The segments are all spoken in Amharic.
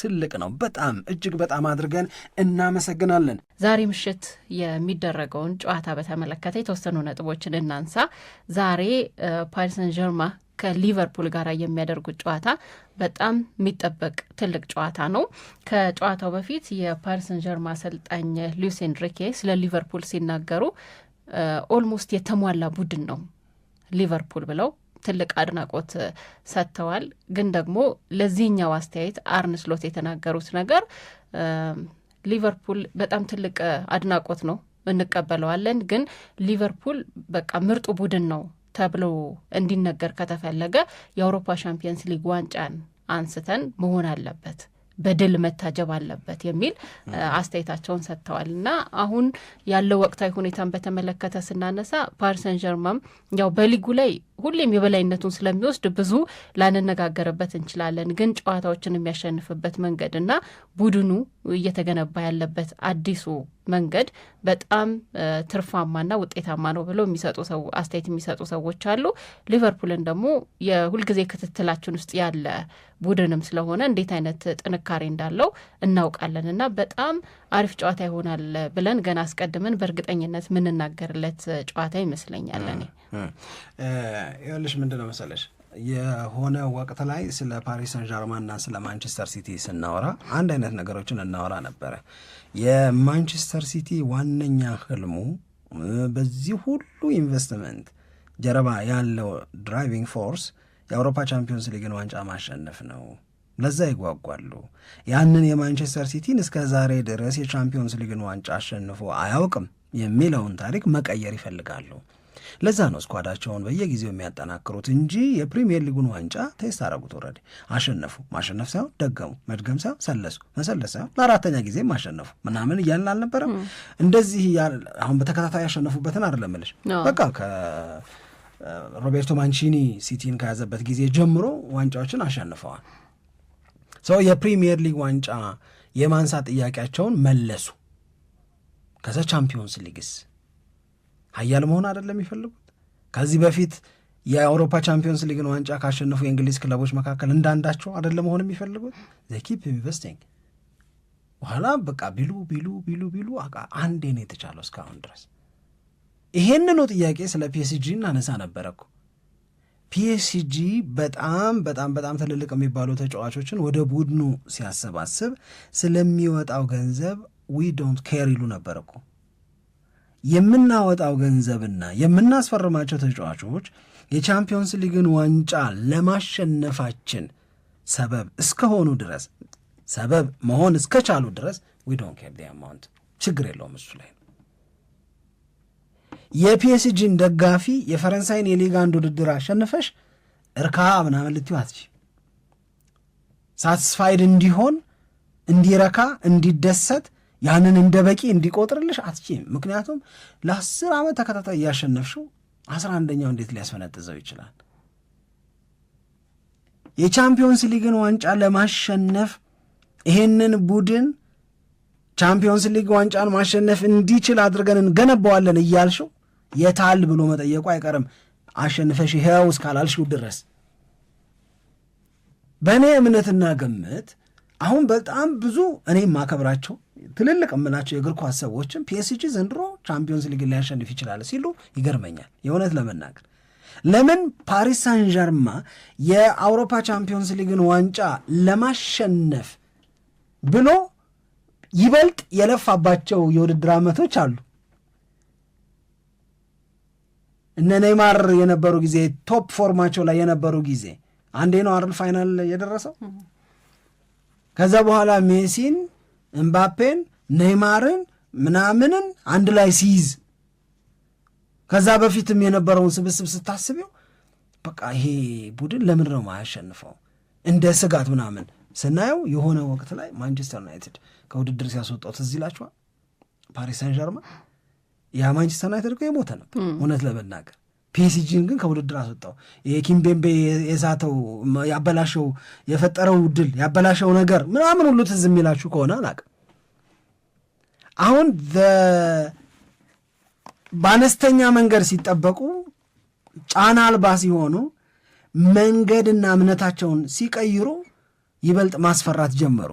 ትልቅ ነው። በጣም እጅግ በጣም አድርገን እናመሰግናለን። ዛሬ ምሽት የሚደረገውን ጨዋታ በተመለከተ የተወሰኑ ነጥቦችን እናንሳ። ዛሬ ፓሪሰን ጀርማ ከሊቨርፑል ጋር የሚያደርጉት ጨዋታ በጣም የሚጠበቅ ትልቅ ጨዋታ ነው። ከጨዋታው በፊት የፓሪሰን ጀርማ አሰልጣኝ ሉዊስ ኤንሪኬ ስለ ሊቨርፑል ሲናገሩ ኦልሞስት የተሟላ ቡድን ነው ሊቨርፑል ብለው ትልቅ አድናቆት ሰጥተዋል። ግን ደግሞ ለዚህኛው አስተያየት አርነ ስሎት የተናገሩት ነገር ሊቨርፑል በጣም ትልቅ አድናቆት ነው እንቀበለዋለን፣ ግን ሊቨርፑል በቃ ምርጡ ቡድን ነው ተብሎ እንዲነገር ከተፈለገ የአውሮፓ ሻምፒየንስ ሊግ ዋንጫን አንስተን መሆን አለበት በድል መታጀብ አለበት የሚል አስተያየታቸውን ሰጥተዋል። እና አሁን ያለው ወቅታዊ ሁኔታን በተመለከተ ስናነሳ ፓሪሰን ጀርማም ያው በሊጉ ላይ ሁሌም የበላይነቱን ስለሚወስድ ብዙ ላንነጋገርበት እንችላለን። ግን ጨዋታዎችን የሚያሸንፍበት መንገድ እና ቡድኑ እየተገነባ ያለበት አዲሱ መንገድ በጣም ትርፋማና ውጤታማ ነው ብለው የሚሰጡ ሰው አስተያየት የሚሰጡ ሰዎች አሉ። ሊቨርፑልን ደግሞ የሁልጊዜ ክትትላችን ውስጥ ያለ ቡድንም ስለሆነ እንዴት አይነት ጥንካሬ እንዳለው እናውቃለን እና በጣም አሪፍ ጨዋታ ይሆናል ብለን ገና አስቀድመን በእርግጠኝነት የምንናገርለት ጨዋታ ይመስለኛለን። እኔ ይኸውልሽ ምንድን ነው መሰለሽ የሆነ ወቅት ላይ ስለ ፓሪስ ሰን ዣርማንና ስለ ማንቸስተር ሲቲ ስናወራ አንድ አይነት ነገሮችን እናወራ ነበረ። የማንቸስተር ሲቲ ዋነኛ ህልሙ በዚህ ሁሉ ኢንቨስትመንት ጀርባ ያለው ድራይቪንግ ፎርስ የአውሮፓ ቻምፒዮንስ ሊግን ዋንጫ ማሸነፍ ነው። ለዛ ይጓጓሉ። ያንን የማንቸስተር ሲቲን እስከ ዛሬ ድረስ የቻምፒዮንስ ሊግን ዋንጫ አሸንፎ አያውቅም የሚለውን ታሪክ መቀየር ይፈልጋሉ። ለዛ ነው ስኳዳቸውን በየጊዜው የሚያጠናክሩት እንጂ የፕሪሚየር ሊጉን ዋንጫ ቴስት አረጉት። ወረድ አሸነፉ፣ ማሸነፍ ሳይሆን ደገሙ፣ መድገም ሳይሆን ሰለሱ፣ መሰለስ ሳይሆን ለአራተኛ ጊዜም አሸነፉ ምናምን እያልን አልነበረም። እንደዚህ አሁን በተከታታይ ያሸነፉበትን አይደለም እልሽ በቃ ሮቤርቶ ማንቺኒ ሲቲን ከያዘበት ጊዜ ጀምሮ ዋንጫዎችን አሸንፈዋል። ሰው የፕሪሚየር ሊግ ዋንጫ የማንሳት ጥያቄያቸውን መለሱ። ከዛ ቻምፒዮንስ ሊግስ ሀያል መሆን አይደለም የሚፈልጉት? ከዚህ በፊት የአውሮፓ ቻምፒዮንስ ሊግን ዋንጫ ካሸነፉ የእንግሊዝ ክለቦች መካከል እንዳንዳቸው አይደለም መሆን የሚፈልጉት? ዘኪፕ ኢንቨስቲንግ በኋላ በቃ ቢሉ ቢሉ ቢሉ ቢሉ አንዴ ነው የተቻለው እስካሁን ድረስ። ይሄንኑ ጥያቄ ስለ ፒኤስጂ እናነሳ ነበረ እኮ ፒኤስጂ በጣም በጣም በጣም ትልልቅ የሚባሉ ተጫዋቾችን ወደ ቡድኑ ሲያሰባስብ ስለሚወጣው ገንዘብ ዊ ዶንት ኬር ይሉ ነበር እኮ የምናወጣው ገንዘብና የምናስፈርማቸው ተጫዋቾች የቻምፒዮንስ ሊግን ዋንጫ ለማሸነፋችን ሰበብ እስከሆኑ ድረስ ሰበብ መሆን እስከቻሉ ድረስ ዊዶን ኬር አማውንት ችግር የለውም እሱ ላይ የፒኤስጂን ደጋፊ የፈረንሳይን የሊግ አንድ ውድድር አሸንፈሽ እርካ ምናምን ልትዩ አትች ሳትስፋይድ እንዲሆን እንዲረካ እንዲደሰት ያንን እንደ በቂ እንዲቆጥርልሽ አትችም። ምክንያቱም ለአስር ዓመት ተከታታይ እያሸነፍሽው አስራ አንደኛው እንዴት ሊያስፈነጥዘው ይችላል? የቻምፒዮንስ ሊግን ዋንጫ ለማሸነፍ ይሄንን ቡድን ቻምፒዮንስ ሊግ ዋንጫን ማሸነፍ እንዲችል አድርገን እንገነባዋለን እያልሽው የታል ብሎ መጠየቁ አይቀርም። አሸንፈሽ ይኸው እስካላልሽው ድረስ በእኔ እምነትና ግምት አሁን በጣም ብዙ እኔ ማከብራቸው ትልልቅ የምላቸው የእግር ኳስ ሰዎችም ፒኤስጂ ዘንድሮ ቻምፒዮንስ ሊግ ሊያሸንፍ ይችላል ሲሉ ይገርመኛል። የእውነት ለመናገር ለምን ፓሪስ ሳን ዠርማ የአውሮፓ ቻምፒዮንስ ሊግን ዋንጫ ለማሸነፍ ብሎ ይበልጥ የለፋባቸው የውድድር ዓመቶች አሉ። እነ ኔይማር የነበሩ ጊዜ ቶፕ ፎርማቸው ላይ የነበሩ ጊዜ አንዴ ነው አርል ፋይናል የደረሰው። ከዛ በኋላ ሜሲን እምባፔን ኔይማርን ምናምንን አንድ ላይ ሲይዝ ከዛ በፊትም የነበረውን ስብስብ ስታስቢው በቃ ይሄ ቡድን ለምን ነው ማያሸንፈው እንደ ስጋት ምናምን ስናየው የሆነ ወቅት ላይ ማንቸስተር ዩናይትድ ከውድድር ሲያስወጣው ትዝ ይላችኋል። ፓሪስ ሳን ያ ማንቸስተር ዩናይትድ እኮ የሞተ ነበር እውነት ለመናገር ፒኤስጂን ግን ከውድድር አስወጣው። የኪምቤምቤ የሳተው ያበላሸው የፈጠረው ድል ያበላሸው ነገር ምናምን ሁሉ ትዝ የሚላችሁ ከሆነ አላቅም። አሁን በአነስተኛ መንገድ ሲጠበቁ ጫና አልባ ሲሆኑ መንገድና እምነታቸውን ሲቀይሩ ይበልጥ ማስፈራት ጀመሩ።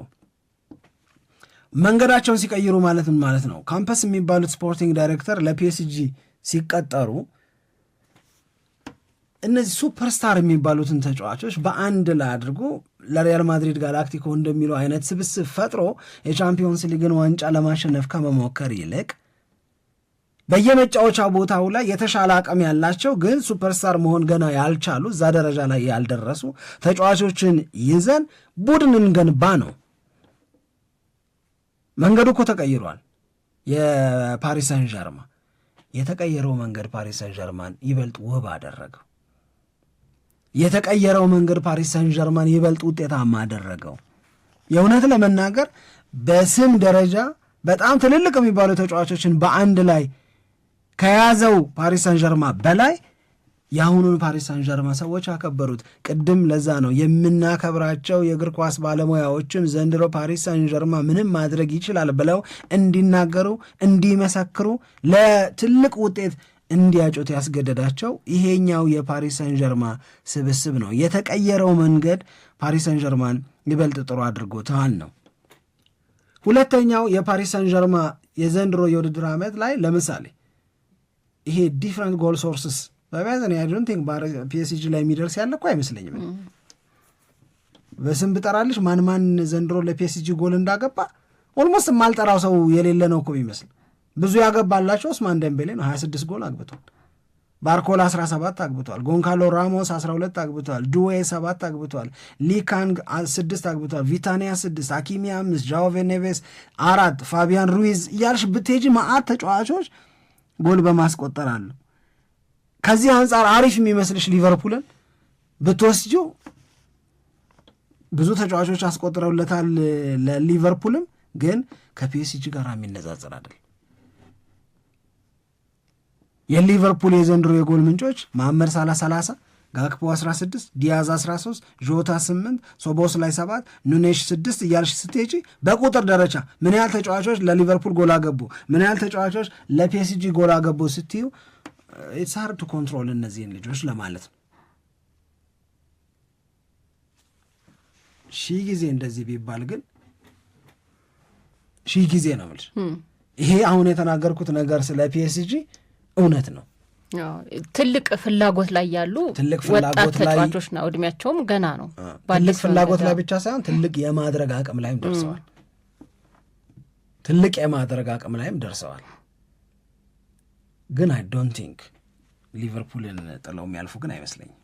መንገዳቸውን ሲቀይሩ ማለት ምን ማለት ነው? ካምፐስ የሚባሉት ስፖርቲንግ ዳይሬክተር ለፒኤስጂ ሲቀጠሩ እነዚህ ሱፐርስታር የሚባሉትን ተጫዋቾች በአንድ ላይ አድርጎ ለሪያል ማድሪድ ጋላክቲኮ እንደሚለው አይነት ስብስብ ፈጥሮ የቻምፒዮንስ ሊግን ዋንጫ ለማሸነፍ ከመሞከር ይልቅ በየመጫወቻ ቦታው ላይ የተሻለ አቅም ያላቸው ግን ሱፐርስታር መሆን ገና ያልቻሉ እዛ ደረጃ ላይ ያልደረሱ ተጫዋቾችን ይዘን ቡድን እንገንባ ነው። መንገዱ እኮ ተቀይሯል። የፓሪስ ሰን ዠርማ የተቀየረው መንገድ ፓሪስ ሰን ዠርማን ይበልጥ ውብ አደረገው። የተቀየረው መንገድ ፓሪስ ሳን ጀርማን ይበልጥ ውጤታማ አደረገው። የእውነት ለመናገር በስም ደረጃ በጣም ትልልቅ የሚባሉ ተጫዋቾችን በአንድ ላይ ከያዘው ፓሪስ ሳን ጀርማ በላይ የአሁኑን ፓሪስ ሳን ጀርማ ሰዎች አከበሩት። ቅድም ለዛ ነው የምናከብራቸው የእግር ኳስ ባለሙያዎችም ዘንድሮ ፓሪስ ሳን ጀርማ ምንም ማድረግ ይችላል ብለው እንዲናገሩ፣ እንዲመሰክሩ ለትልቅ ውጤት እንዲያጩት ያስገደዳቸው ይሄኛው የፓሪስ ሰን ስብስብ ነው። የተቀየረው መንገድ ፓሪስ ሰን ጀርማን ይበልጥ ጥሩ አድርጎታል ነው። ሁለተኛው የፓሪስ ሰን ጀርማ የዘንድሮ የውድድር ዓመት ላይ ለምሳሌ ይሄ ዲፍረንት ጎል ሶርስስ በቢያዘን እኔ ቲንክ ፒኤስጂ ላይ የሚደርስ ያለ እኮ አይመስለኝም። በስም ብጠራልሽ ማን ማን ዘንድሮ ለፒኤስጂ ጎል እንዳገባ ኦልሞስት የማልጠራው ሰው የሌለ ነው እኮ የሚመስል ብዙ ያገባላቸው ኦስማን ደንቤሌ ነው፣ 26 ጎል አግብቷል። ባርኮላ 17 አግብቷል። ጎንካሎ ራሞስ 12 አግብቷል። ዱዌ 7 አግብቷል። ሊካንግ 6 አግብቷል። ቪታኒያ 6፣ አኪሚ 5፣ ጃኦቬ ኔቬስ አራት፣ ፋቢያን ሩይዝ እያልሽ ብትሄጂ መዓት ተጫዋቾች ጎል በማስቆጠር አሉ። ከዚህ አንጻር አሪፍ የሚመስልሽ ሊቨርፑልን ብትወስጂው ብዙ ተጫዋቾች አስቆጥረውለታል። ለሊቨርፑልም ግን ከፒኤስጂ ጋር የሚነጻጽር አይደለም። የሊቨርፑል የዘንድሮ የጎል ምንጮች መሐመድ ሳላ 30 ጋክፖ 16 ዲያዝ 13 ዦታ 8 ሶቦስ ላይ 7 ኑኔሽ 6 እያልሽ ስትሄጂ በቁጥር ደረጃ ምን ያህል ተጫዋቾች ለሊቨርፑል ጎል አገቡ፣ ምን ያህል ተጫዋቾች ለፒኤስጂ ጎል አገቡ ስትዩ ኢትስ ሃርድ ቱ ኮንትሮል እነዚህን ልጆች ለማለት ነው። ሺህ ጊዜ እንደዚህ ቢባል ግን ሺህ ጊዜ ነው የምልሽ ይሄ አሁን የተናገርኩት ነገር ስለ ፒኤስጂ እውነት ነው። ትልቅ ፍላጎት ላይ ያሉ ትልቅ ፍላጎት ላይ ተጫዋቾች ነው። እድሜያቸውም ገና ነው። ትልቅ ፍላጎት ላይ ብቻ ሳይሆን ትልቅ የማድረግ አቅም ላይም ደርሰዋል። ትልቅ የማድረግ አቅም ላይም ደርሰዋል። ግን አይ ዶንት ቲንክ ሊቨርፑልን ጥለው የሚያልፉ ግን አይመስለኝም።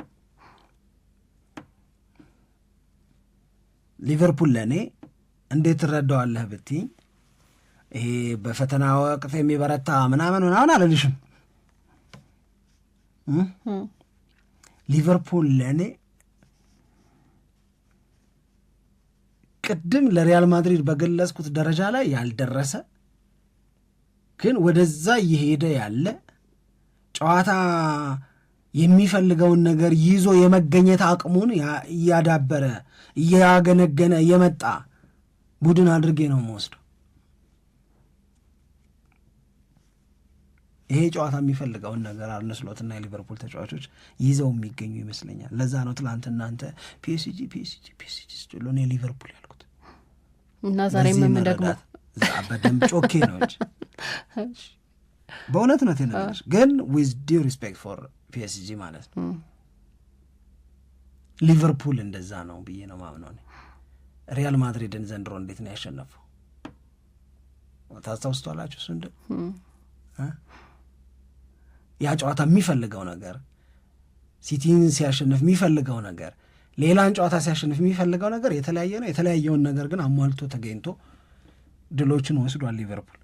ሊቨርፑል ለእኔ እንዴት ትረዳዋለህ ብትኝ ይሄ በፈተና ወቅት የሚበረታ ምናምን ምናምን አልልሽም ሊቨርፑል ለእኔ ቅድም ለሪያል ማድሪድ በገለጽኩት ደረጃ ላይ ያልደረሰ ግን ወደዛ እየሄደ ያለ ጨዋታ የሚፈልገውን ነገር ይዞ የመገኘት አቅሙን እያዳበረ እያገነገነ የመጣ ቡድን አድርጌ ነው የምወስደው። ይሄ ጨዋታ የሚፈልገውን ነገር አርነ ስሎትና የሊቨርፑል ተጫዋቾች ይዘው የሚገኙ ይመስለኛል። ለዛ ነው ትላንት እናንተ ፒኤስጂ ፒኤስጂ ፒኤስጂ ስትሉ እኔ ሊቨርፑል ያልኩት እና ዛሬ ምን ደግሞ በደንብ ጮኬ ነው እንጂ በእውነት ነው ትንሽ ግን ዊዝ ዲው ሪስፔክት ፎር ፒኤስጂ ማለት ነው ሊቨርፑል እንደዛ ነው ብዬ ነው ማምነው። ሪያል ማድሪድን ዘንድሮ እንዴት ነው ያሸነፈው? ታስታውስቷላችሁ እሱ ያ ጨዋታ የሚፈልገው ነገር ሲቲን ሲያሸንፍ የሚፈልገው ነገር ሌላን ጨዋታ ሲያሸንፍ የሚፈልገው ነገር የተለያየ ነው። የተለያየውን ነገር ግን አሟልቶ ተገኝቶ ድሎችን ወስዷል። ሊቨርፑል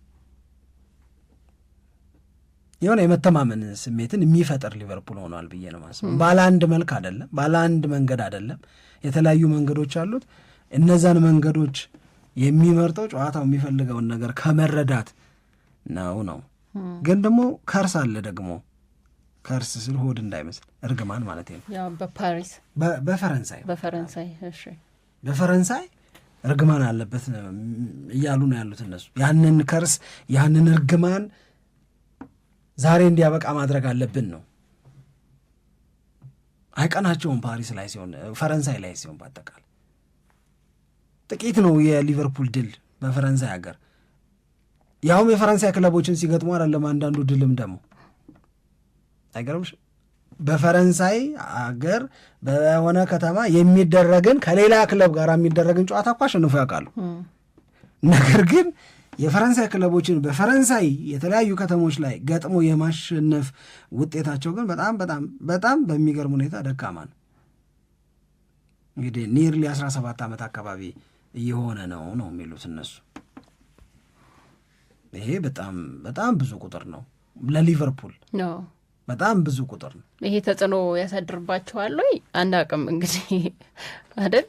የሆነ የመተማመን ስሜትን የሚፈጥር ሊቨርፑል ሆኗል ብዬ ነው ማስበው። ባለ አንድ መልክ አይደለም፣ ባለ አንድ መንገድ አይደለም። የተለያዩ መንገዶች አሉት። እነዛን መንገዶች የሚመርጠው ጨዋታው የሚፈልገውን ነገር ከመረዳት ነው ነው ግን ደግሞ ከርስ አለ ደግሞ ከርስ ስል ሆድ እንዳይመስል እርግማን ማለት ነው። በፓሪስ በፈረንሳይ በፈረንሳይ በፈረንሳይ እርግማን አለበት እያሉ ነው ያሉት እነሱ። ያንን ከርስ ያንን እርግማን ዛሬ እንዲያበቃ ማድረግ አለብን ነው። አይቀናቸውም ፓሪስ ላይ ሲሆን ፈረንሳይ ላይ ሲሆን በአጠቃላይ ጥቂት ነው የሊቨርፑል ድል በፈረንሳይ ሀገር ያውም የፈረንሳይ ክለቦችን ሲገጥሙ አይደለም። አንዳንዱ ድልም ደግሞ አይገርምሽ በፈረንሳይ አገር በሆነ ከተማ የሚደረግን ከሌላ ክለብ ጋር የሚደረግን ጨዋታ እኮ አሸንፎ ያውቃሉ። ነገር ግን የፈረንሳይ ክለቦችን በፈረንሳይ የተለያዩ ከተሞች ላይ ገጥሞ የማሸነፍ ውጤታቸው ግን በጣም በጣም በጣም በሚገርም ሁኔታ ደካማ ነው። እንግዲህ ኒርሊ 17 ዓመት አካባቢ እየሆነ ነው ነው የሚሉት እነሱ። ይሄ በጣም በጣም ብዙ ቁጥር ነው ለሊቨርፑል በጣም ብዙ ቁጥር ነው። ይሄ ተጽዕኖ ያሳድርባቸዋል ወይ አቅም እንግዲህ አይደል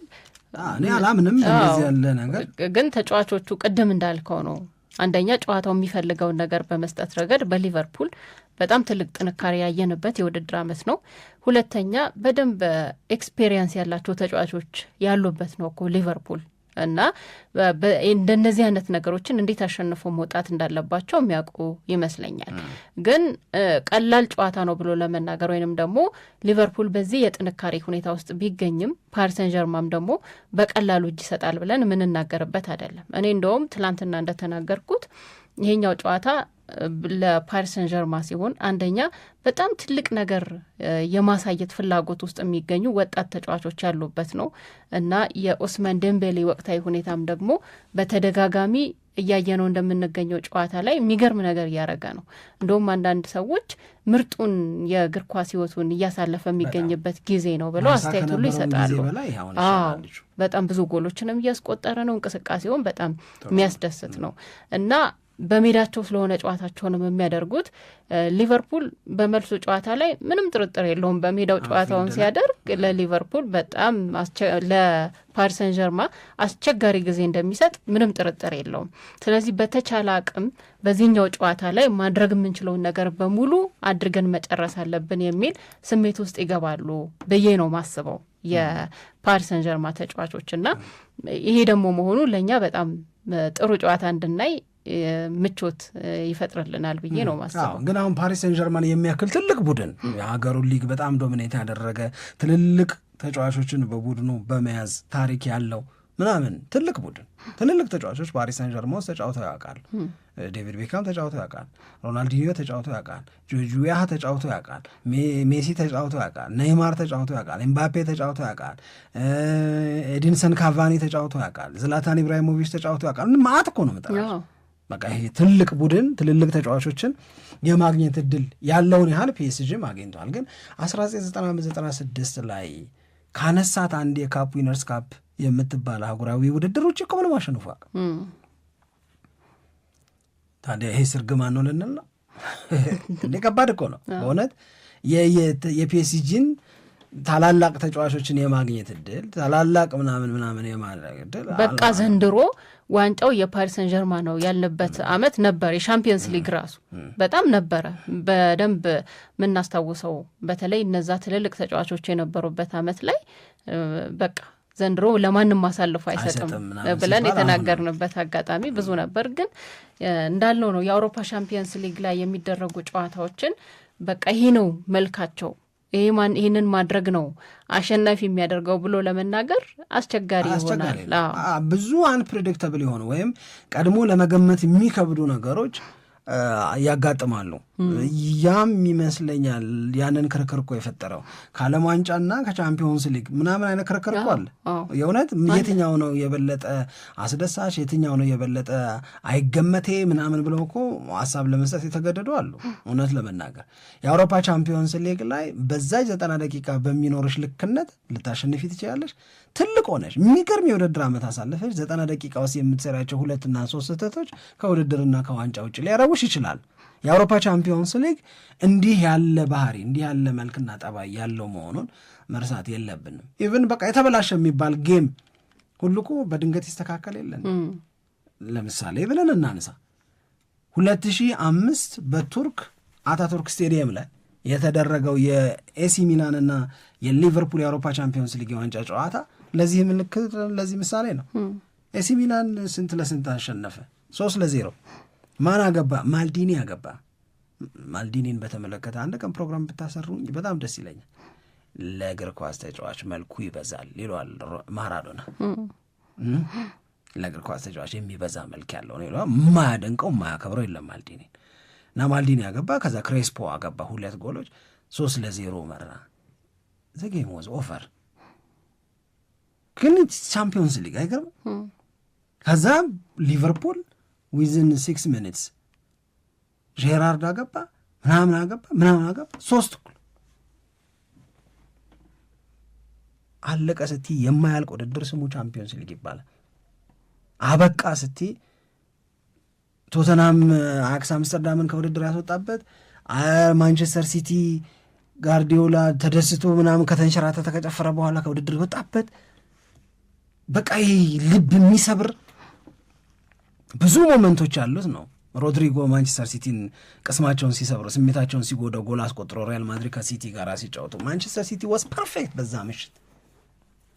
እኔ አላምንም እንደዚህ ያለ ነገር ግን ተጫዋቾቹ ቅድም እንዳልከው ነው። አንደኛ ጨዋታው የሚፈልገውን ነገር በመስጠት ረገድ በሊቨርፑል በጣም ትልቅ ጥንካሬ ያየንበት የውድድር ዓመት ነው። ሁለተኛ በደንብ ኤክስፔሪየንስ ያላቸው ተጫዋቾች ያሉበት ነው እኮ ሊቨርፑል እና እንደነዚህ አይነት ነገሮችን እንዴት አሸንፎ መውጣት እንዳለባቸው የሚያውቁ ይመስለኛል። ግን ቀላል ጨዋታ ነው ብሎ ለመናገር ወይንም ደግሞ ሊቨርፑል በዚህ የጥንካሬ ሁኔታ ውስጥ ቢገኝም ፓሪሰን ጀርማም ደግሞ በቀላሉ እጅ ይሰጣል ብለን የምንናገርበት አይደለም። እኔ እንደውም ትላንትና እንደተናገርኩት ይሄኛው ጨዋታ ለፓሪሰን ጀርማ ሲሆን አንደኛ በጣም ትልቅ ነገር የማሳየት ፍላጎት ውስጥ የሚገኙ ወጣት ተጫዋቾች ያሉበት ነው እና የኦስመን ደንቤሌ ወቅታዊ ሁኔታም ደግሞ በተደጋጋሚ እያየነው እንደምንገኘው ጨዋታ ላይ የሚገርም ነገር እያደረገ ነው። እንደውም አንዳንድ ሰዎች ምርጡን የእግር ኳስ ህይወቱን እያሳለፈ የሚገኝበት ጊዜ ነው ብለው አስተያየት ሁሉ ይሰጣሉ። በጣም ብዙ ጎሎችንም እያስቆጠረ ነው። እንቅስቃሴውን በጣም የሚያስደስት ነው እና በሜዳቸው ስለሆነ ጨዋታቸውንም የሚያደርጉት ሊቨርፑል በመልሱ ጨዋታ ላይ ምንም ጥርጥር የለውም። በሜዳው ጨዋታውን ሲያደርግ ለሊቨርፑል በጣም ለፓሪሰን ጀርማ አስቸጋሪ ጊዜ እንደሚሰጥ ምንም ጥርጥር የለውም። ስለዚህ በተቻለ አቅም በዚህኛው ጨዋታ ላይ ማድረግ የምንችለውን ነገር በሙሉ አድርገን መጨረስ አለብን የሚል ስሜት ውስጥ ይገባሉ ብዬ ነው ማስበው የፓሪሰን ጀርማ ተጫዋቾች እና ይሄ ደግሞ መሆኑ ለእኛ በጣም ጥሩ ጨዋታ እንድናይ ምቾት ይፈጥርልናል ብዬ ነው ማስበው። ግን አሁን ፓሪስ ሴን ጀርማን የሚያክል ትልቅ ቡድን የሀገሩን ሊግ በጣም ዶሚኔት ያደረገ ትልልቅ ተጫዋቾችን በቡድኑ በመያዝ ታሪክ ያለው ምናምን ትልቅ ቡድን ትልልቅ ተጫዋቾች ፓሪስ ሴን ጀርማ ውስጥ ተጫውተው ያውቃል። ዴቪድ ቤካም ተጫውተው ያውቃል። ሮናልዲኒዮ ተጫውተው ያውቃል። ጆጁያ ተጫውተው ያውቃል። ሜሲ ተጫውተው ያውቃል። ኔይማር ተጫውተው ያውቃል። ኤምባፔ ተጫውተው ያውቃል። ኤዲንሰን ካቫኒ ተጫውተው ያውቃል። ዝላታን ኢብራሂሞቪች ተጫውተው ያውቃል። ማአት እኮ ነው ምጠራ በቃ ይሄ ትልቅ ቡድን ትልልቅ ተጫዋቾችን የማግኘት እድል ያለውን ያህል ፒኤስጂ አግኝተዋል። ግን 1995/96 ላይ ካነሳት አንድ የካፕ ዊነርስ ካፕ የምትባል አህጉራዊ ውድድር ውጭ እኮ ምንም አሸንፎ አያውቅም። ታዲያ ይሄ ስርግማን ነው ልንል ነው እንዴ? ከባድ እኮ ነው በእውነት የፒኤስጂን ታላላቅ ተጫዋቾችን የማግኘት እድል ታላላቅ ምናምን ምናምን የማድረግ እድል በቃ ዘንድሮ ዋንጫው የፓሪስ ሰን ጀርማ ነው ያለበት አመት ነበር። የሻምፒየንስ ሊግ ራሱ በጣም ነበረ በደንብ የምናስታውሰው በተለይ እነዛ ትልልቅ ተጫዋቾች የነበሩበት አመት ላይ በቃ ዘንድሮ ለማንም ማሳልፎ አይሰጥም ብለን የተናገርንበት አጋጣሚ ብዙ ነበር። ግን እንዳልነው ነው የአውሮፓ ሻምፒየንስ ሊግ ላይ የሚደረጉ ጨዋታዎችን በቃ ይሄ ነው መልካቸው ይህንን ማድረግ ነው አሸናፊ የሚያደርገው ብሎ ለመናገር አስቸጋሪ ይሆናል። ብዙ አንፕሬዲክተብል የሆኑ ወይም ቀድሞ ለመገመት የሚከብዱ ነገሮች ያጋጥማሉ። ያም ይመስለኛል ያንን ክርክር እኮ የፈጠረው ከዓለም ዋንጫና ከቻምፒዮንስ ሊግ ምናምን አይነት ክርክር እኮ አለ። የእውነት የትኛው ነው የበለጠ አስደሳች፣ የትኛው ነው የበለጠ አይገመቴ ምናምን ብለው እኮ ሀሳብ ለመስጠት የተገደዱ አሉ። እውነት ለመናገር የአውሮፓ ቻምፒዮንስ ሊግ ላይ በዛች ዘጠና ደቂቃ በሚኖርሽ ልክነት ልታሸንፊ ትችላለች። ትልቅ ሆነች የሚገርም የውድድር ዓመት አሳለፈች ዘጠና ደቂቃ ውስጥ የምትሰራቸው ሁለትና ሶስት ስህተቶች ከውድድርና ከዋንጫ ውጭ ሊያረቡ ሊያስታውሽ ይችላል። የአውሮፓ ቻምፒዮንስ ሊግ እንዲህ ያለ ባህሪ እንዲህ ያለ መልክና ጠባይ ያለው መሆኑን መርሳት የለብንም። ኢቭን በቃ የተበላሸ የሚባል ጌም ሁሉ እኮ በድንገት ይስተካከል የለን። ለምሳሌ ብለን እናንሳ፣ ሁለት ሺህ አምስት በቱርክ አታቱርክ ስቴዲየም ላይ የተደረገው የኤሲ ሚላንና የሊቨርፑል የአውሮፓ ቻምፒዮንስ ሊግ የዋንጫ ጨዋታ ለዚህ ምልክት ለዚህ ምሳሌ ነው። ኤሲ ሚላን ስንት ለስንት አሸነፈ? ሶስት ለዜሮ ማን አገባ? ማልዲኒ አገባ። ማልዲኒን በተመለከተ አንድ ቀን ፕሮግራም ብታሰሩኝ በጣም ደስ ይለኛል። ለእግር ኳስ ተጫዋች መልኩ ይበዛል ይለዋል ማራዶና። ለእግር ኳስ ተጫዋች የሚበዛ መልክ ያለው ነው ይለዋል። የማያደንቀው ማያከብረው የለም ማልዲኒ እና ማልዲኒ አገባ። ከዛ ክሬስፖ አገባ ሁለት ጎሎች፣ ሶስት ለዜሮ መራ። ዘጌም ኦፈር ግን ቻምፒዮንስ ሊግ አይገርም። ከዛ ሊቨርፑል ዊዝን ሲክስ ሚኒትስ ጄራርድ አገባ ምናምን አገባ ምናምን አገባ ሶስት እኩል አለቀ ስቲ የማያልቅ ውድድር ስሙ ቻምፒዮንስ ሊግ ይባላል። አበቃ ስቲ ቶተናም አያክስ አምስተርዳምን ከውድድር ያስወጣበት ማንቸስተር ሲቲ ጋርዲዮላ ተደስቶ ምናምን ከተንሸራተተ ከጨፈረ በኋላ ከውድድር የወጣበት በቃ ልብ የሚሰብር ብዙ ሞመንቶች ያሉት ነው። ሮድሪጎ ማንቸስተር ሲቲን ቅስማቸውን ሲሰብሩ ስሜታቸውን ሲጎዳ ጎል አስቆጥሮ ሪያል ማድሪድ ከሲቲ ጋር ሲጫወቱ ማንቸስተር ሲቲ ወስ ፐርፌክት በዛ ምሽት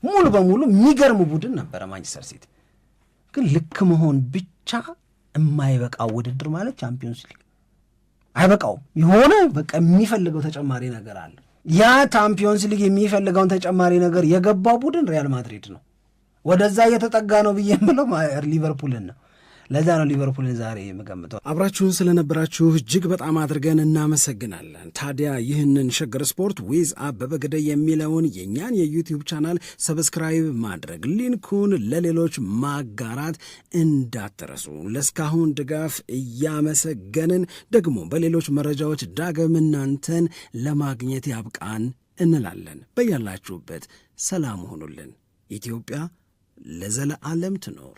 ሙሉ በሙሉ የሚገርም ቡድን ነበረ ማንቸስተር ሲቲ። ግን ልክ መሆን ብቻ የማይበቃው ውድድር ማለት ቻምፒዮንስ ሊግ አይበቃውም። የሆነ በቃ የሚፈልገው ተጨማሪ ነገር አለ። ያ ቻምፒዮንስ ሊግ የሚፈልገውን ተጨማሪ ነገር የገባው ቡድን ሪያል ማድሪድ ነው። ወደዛ እየተጠጋ ነው ብዬ የምለው ሊቨርፑልን ነው። ለዛ ነው ሊቨርፑልን ዛሬ የምገምተው። አብራችሁን ስለነበራችሁ እጅግ በጣም አድርገን እናመሰግናለን። ታዲያ ይህንን ሸገር ስፖርት ዊዝ አበበ ግደይ የሚለውን የእኛን የዩቲዩብ ቻናል ሰብስክራይብ ማድረግ ሊንኩን ለሌሎች ማጋራት እንዳትረሱ። ለእስካሁን ድጋፍ እያመሰገንን ደግሞ በሌሎች መረጃዎች ዳግም እናንተን ለማግኘት ያብቃን እንላለን። በያላችሁበት ሰላም ሆኑልን። ኢትዮጵያ ለዘለዓለም ትኖር።